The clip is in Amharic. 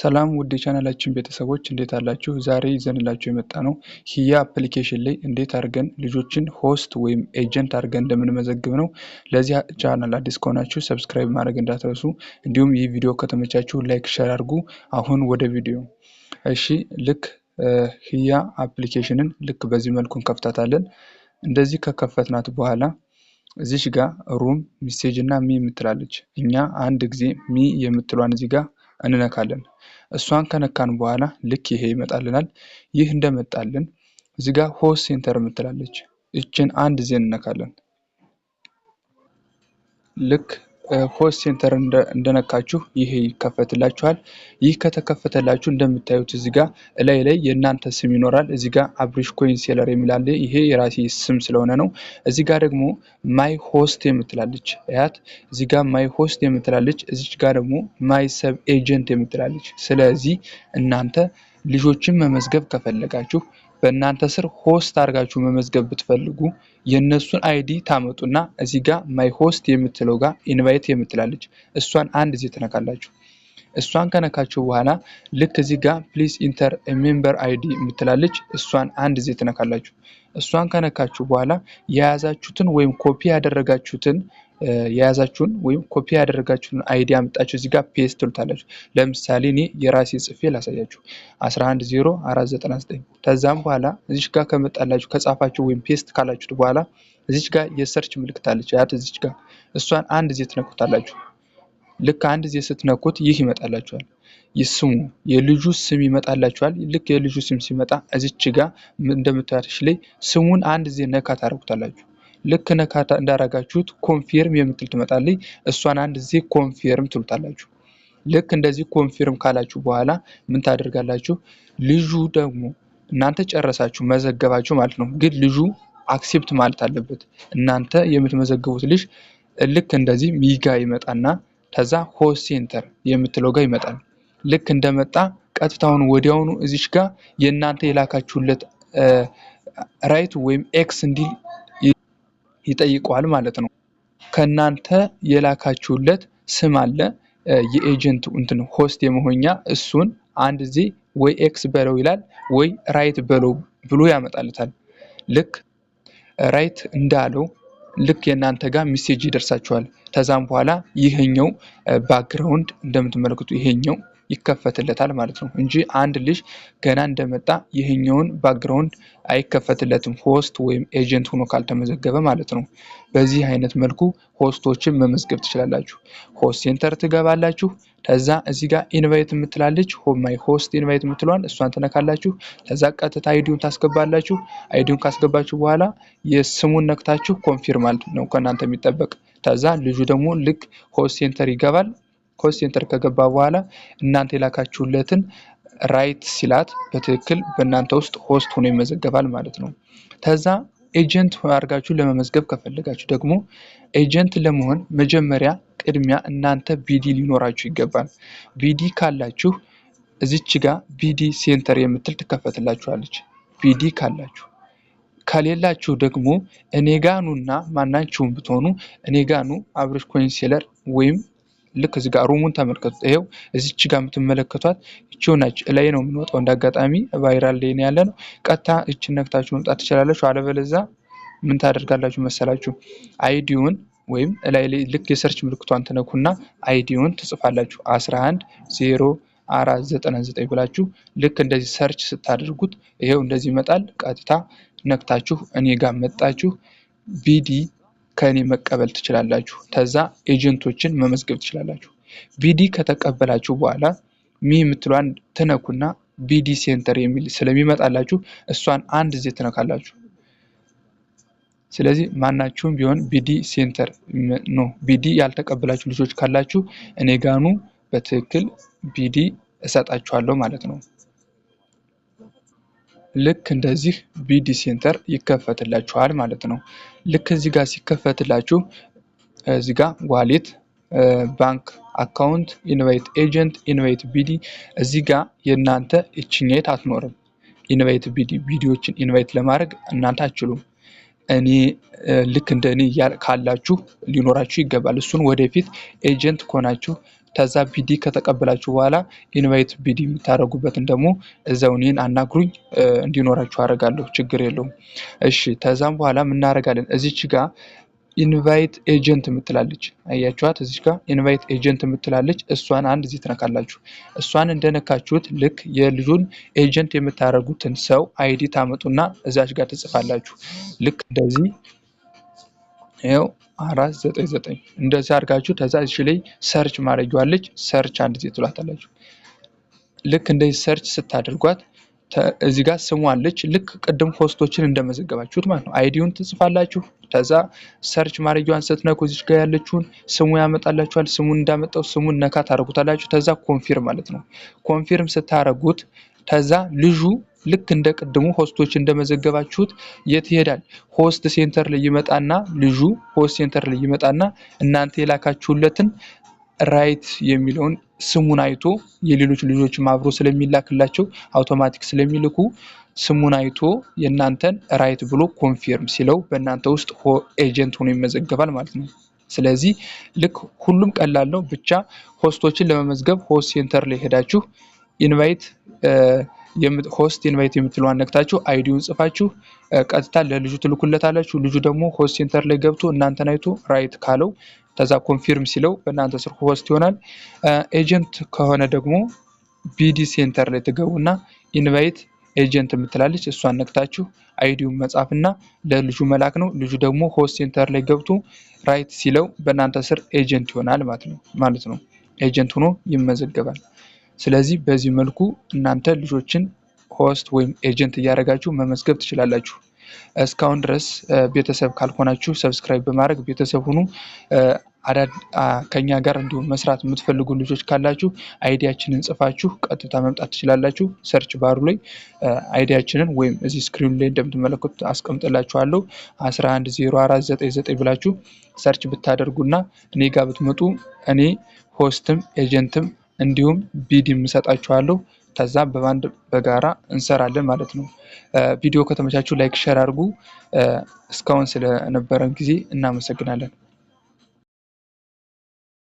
ሰላም ውድ የቻናላችን ቤተሰቦች እንዴት አላችሁ? ዛሬ ይዘንላችሁ የመጣ ነው ሂያ አፕሊኬሽን ላይ እንዴት አድርገን ልጆችን ሆስት ወይም ኤጀንት አድርገን እንደምንመዘግብ ነው። ለዚህ ቻናል አዲስ ከሆናችሁ ሰብስክራይብ ማድረግ እንዳትረሱ፣ እንዲሁም ይህ ቪዲዮ ከተመቻችሁ ላይክ፣ ሸር አድርጉ። አሁን ወደ ቪዲዮ። እሺ ልክ ሂያ አፕሊኬሽንን ልክ በዚህ መልኩ እንከፍታታለን። እንደዚህ ከከፈትናት በኋላ እዚሽ ጋር ሩም ሚሴጅ እና ሚ የምትላለች እኛ አንድ ጊዜ ሚ የምትሏን እዚህ ጋር እንነካለን። እሷን ከነካን በኋላ ልክ ይሄ ይመጣልናል። ይህ እንደመጣልን እዚህ ጋር ሆስ ሴንተር የምትላለች እችን አንድ ዜ እንነካለን። ልክ ሆስት ሴንተር እንደነካችሁ ይሄ ይከፈትላችኋል። ይህ ከተከፈተላችሁ እንደምታዩት እዚህ ጋ እላይ ላይ የእናንተ ስም ይኖራል። እዚህ ጋ አብሪሽ ኮይን ሴለር የሚላለ ይሄ የራሴ ስም ስለሆነ ነው። እዚህ ጋ ደግሞ ማይ ሆስት የምትላለች እያት፣ እዚህ ጋ ማይ ሆስት የምትላለች፣ እዚች ጋ ደግሞ ማይ ሰብ ኤጀንት የምትላለች። ስለዚህ እናንተ ልጆችን መመዝገብ ከፈለጋችሁ በእናንተ ስር ሆስት አድርጋችሁ መመዝገብ ብትፈልጉ የእነሱን አይዲ ታመጡና እዚህ ጋር ማይ ሆስት የምትለው ጋር ኢንቫይት የምትላለች እሷን አንድ ጊዜ ትነካላችሁ። እሷን ከነካችሁ በኋላ ልክ እዚህ ጋር ፕሊስ ኢንተር ሜምበር አይዲ የምትላለች እሷን አንድ ጊዜ ትነካላችሁ። እሷን ከነካችሁ በኋላ የያዛችሁትን ወይም ኮፒ ያደረጋችሁትን የያዛችሁን ወይም ኮፒ ያደረጋችሁን አይዲ አምጣችሁ እዚህ ጋር ፔስት ትሉታላችሁ። ለምሳሌ እኔ የራሴ ጽፌ ላሳያችሁ 110499 ከዛም በኋላ እዚች ጋር ከመጣላችሁ ከጻፋችሁ ወይም ፔስት ካላችሁት በኋላ እዚች ጋር የሰርች ምልክት አለች ያት እዚች ጋር እሷን አንድ ጊዜ ትነኩታላችሁ። ልክ አንድ ጊዜ ስትነኩት ይህ ይመጣላችኋል። ስሙ የልጁ ስም ይመጣላችኋል። ልክ የልጁ ስም ሲመጣ እዚች ጋ እንደምታያትች ላይ ስሙን አንድ ጊዜ ነካ ታደርጉታላችሁ። ልክ ነካ እንዳረጋችሁት ኮንፊርም የምትል ትመጣለች። እሷን አንድ ጊዜ ኮንፊርም ትሉታላችሁ። ልክ እንደዚህ ኮንፊርም ካላችሁ በኋላ ምን ታደርጋላችሁ? ልጁ ደግሞ እናንተ ጨረሳችሁ መዘገባችሁ ማለት ነው። ግን ልጁ አክሴፕት ማለት አለበት። እናንተ የምትመዘግቡት ልጅ ልክ እንደዚህ ሚጋ ይመጣና ከዛ ሆስ ሴንተር የምትለው ጋር ይመጣል። ልክ እንደመጣ ቀጥታውን ወዲያውኑ እዚሽ ጋር የእናንተ የላካችሁለት ራይት ወይም ኤክስ እንዲል ይጠይቀዋል ማለት ነው። ከእናንተ የላካችሁለት ስም አለ የኤጀንቱ እንትን ሆስት የመሆኛ እሱን አንድ ጊዜ ወይ ኤክስ በለው ይላል ወይ ራይት በለው ብሎ ያመጣልታል። ልክ ራይት እንዳለው ልክ የእናንተ ጋር ሜሴጅ ይደርሳችኋል። ከዛም በኋላ ይሄኛው ባክግራውንድ እንደምትመለከቱ ይሄኛው ይከፈትለታል ማለት ነው እንጂ አንድ ልጅ ገና እንደመጣ ይህኛውን ባክግራውንድ አይከፈትለትም ሆስት ወይም ኤጀንት ሆኖ ካልተመዘገበ ማለት ነው። በዚህ አይነት መልኩ ሆስቶችን መመዝገብ ትችላላችሁ። ሆስት ሴንተር ትገባላችሁ። ከዛ እዚህ ጋር ኢንቫይት የምትላለች ሆማይ ሆስት ኢንቫይት የምትለዋን እሷን ትነካላችሁ። ከዛ ቀጥታ አይዲውን ታስገባላችሁ። አይዲውን ካስገባችሁ በኋላ የስሙን ነክታችሁ ኮንፊርም ማለት ነው ከእናንተ የሚጠበቅ ከዛ ልጁ ደግሞ ልክ ሆስት ሴንተር ይገባል። ኮል ሴንተር ከገባ በኋላ እናንተ የላካችሁለትን ራይት ሲላት በትክክል በእናንተ ውስጥ ሆስት ሆኖ ይመዘገባል ማለት ነው። ከዛ ኤጀንት አድርጋችሁ ለመመዝገብ ከፈለጋችሁ ደግሞ ኤጀንት ለመሆን መጀመሪያ ቅድሚያ እናንተ ቢዲ ሊኖራችሁ ይገባል። ቢዲ ካላችሁ እዚች ጋ ቢዲ ሴንተር የምትል ትከፈትላችኋለች። ቢዲ ካላችሁ ከሌላችሁ ደግሞ እና ማናችሁም ብትሆኑ እኔጋኑ አብሬጅ ኮይንሴለር ወይም ልክ እዚህ ጋር ሩሙን ተመልከቱት። ይሄው እዚች ጋር የምትመለከቷት እቺው ነች። ላይ ነው የምንወጣው። እንደ አጋጣሚ ቫይራል ላይ ያለ ነው። ቀጥታ እቺን ነክታችሁ መምጣት ትችላለች። አለበለዛ ምን ታደርጋላችሁ መሰላችሁ? አይዲውን ወይም ላይ ልክ የሰርች ምልክቷን ትነኩና አይዲውን ትጽፋላችሁ 11 0 አራት ዘጠና ዘጠኝ ብላችሁ ልክ እንደዚህ ሰርች ስታደርጉት ይሄው እንደዚህ ይመጣል። ቀጥታ ነክታችሁ እኔ ጋር መጣችሁ ቢዲ ከእኔ መቀበል ትችላላችሁ። ተዛ ኤጀንቶችን መመዝገብ ትችላላችሁ። ቢዲ ከተቀበላችሁ በኋላ ሚ የምትሏን ትነኩና ቢዲ ሴንተር የሚል ስለሚመጣላችሁ እሷን አንድ ዜ ትነካላችሁ። ስለዚህ ማናችሁም ቢሆን ቢዲ ሴንተር ኖ ቢዲ ያልተቀበላችሁ ልጆች ካላችሁ እኔ ጋኑ በትክክል ቢዲ እሰጣችኋለሁ ማለት ነው። ልክ እንደዚህ ቢዲ ሴንተር ይከፈትላችኋል ማለት ነው። ልክ እዚህ ጋር ሲከፈትላችሁ እዚህ ጋር ዋሌት፣ ባንክ አካውንት፣ ኢንቫይት ኤጀንት፣ ኢንቫይት ቢዲ እዚህ ጋር የእናንተ እችኛይት አትኖርም። ኢንቫይት ቢዲ ቢዲዎችን ኢንቫይት ለማድረግ እናንተ አችሉም። እኔ ልክ እንደ እኔ ካላችሁ ሊኖራችሁ ይገባል። እሱን ወደፊት ኤጀንት ከሆናችሁ ከዛ ቢዲ ከተቀበላችሁ በኋላ ኢንቫይት ቢዲ የምታደረጉበትን ደግሞ እዛው እኔን አናግሩኝ እንዲኖራችሁ አደርጋለሁ። ችግር የለውም። እሺ ከዛም በኋላ ምናደርጋለን እዚች ጋር ኢንቫይት ኤጀንት የምትላለች አያችኋት? እዚች ጋር ኢንቫይት ኤጀንት የምትላለች እሷን አንድ እዚህ ትነካላችሁ። እሷን እንደነካችሁት ልክ የልጁን ኤጀንት የምታደርጉትን ሰው አይዲ ታመጡና እዛች ጋር ትጽፋላችሁ። ልክ እንደዚህ ይኸው አራት ዘጠኝ ዘጠኝ እንደዚህ አድርጋችሁ ተዛ እዚህ ላይ ሰርች ማድረጊዋለች ሰርች አንድ ጊዜ ትሏታላችሁ። ልክ እንደዚህ ሰርች ስታደርጓት እዚህ ጋር ስሟ አለች። ልክ ቅድም ሆስቶችን እንደመዘገባችሁት ማለት ነው። አይዲውን ትጽፋላችሁ። ከዛ ሰርች ማድረጊዋን ስትነኩ እዚች ጋር ያለችውን ስሙ ያመጣላችኋል። ስሙን እንዳመጣው ስሙን ነካ ታደርጉታላችሁ። ከዛ ኮንፊርም ማለት ነው። ኮንፊርም ስታደርጉት ከዛ ልጁ ልክ እንደ ቅድሙ ሆስቶች እንደመዘገባችሁት የት ይሄዳል? ሆስት ሴንተር ላይ ይመጣና ልጁ ሆስት ሴንተር ላይ ይመጣና እናንተ የላካችሁለትን ራይት የሚለውን ስሙን አይቶ የሌሎች ልጆችም አብሮ ስለሚላክላቸው አውቶማቲክ ስለሚልኩ ስሙን አይቶ የእናንተን ራይት ብሎ ኮንፊርም ሲለው በእናንተ ውስጥ ኤጀንት ሆኖ ይመዘገባል ማለት ነው። ስለዚህ ልክ ሁሉም ቀላል ነው። ብቻ ሆስቶችን ለመመዝገብ ሆስት ሴንተር ላይ ሄዳችሁ ኢንቫይት ሆስት ኢንቫይት የምትለዋን ነክታችሁ አይዲውን ጽፋችሁ ቀጥታ ለልጁ ትልኩለታላችሁ። ልጁ ደግሞ ሆስት ሴንተር ላይ ገብቶ እናንተን አይቶ ራይት ካለው ከዛ ኮንፊርም ሲለው በእናንተ ስር ሆስት ይሆናል። ኤጀንት ከሆነ ደግሞ ቢዲ ሴንተር ላይ ትገቡና ኢንቫይት ኤጀንት የምትላለች እሷን ነክታችሁ አይዲውን መጻፍና ለልጁ መላክ ነው። ልጁ ደግሞ ሆስት ሴንተር ላይ ገብቶ ራይት ሲለው በእናንተ ስር ኤጀንት ይሆናል ማለት ነው ማለት ነው ኤጀንት ሆኖ ይመዘገባል። ስለዚህ በዚህ መልኩ እናንተ ልጆችን ሆስት ወይም ኤጀንት እያደረጋችሁ መመዝገብ ትችላላችሁ። እስካሁን ድረስ ቤተሰብ ካልሆናችሁ ሰብስክራይብ በማድረግ ቤተሰብ ሁኑ። ከኛ ጋር እንዲሁም መስራት የምትፈልጉ ልጆች ካላችሁ አይዲያችንን ጽፋችሁ ቀጥታ መምጣት ትችላላችሁ። ሰርች ባሩ ላይ አይዲያችንን ወይም እዚህ ስክሪኑ ላይ እንደምትመለከቱት አስቀምጥላችኋለሁ 110499 ብላችሁ ሰርች ብታደርጉና እኔ ጋር ብትመጡ እኔ ሆስትም ኤጀንትም እንዲሁም ቢድ እሰጣችኋለሁ። ከዛ በባንድ በጋራ እንሰራለን ማለት ነው። ቪዲዮ ከተመቻችሁ ላይክ፣ ሸር አድርጉ። እስካሁን ስለነበረን ጊዜ እናመሰግናለን።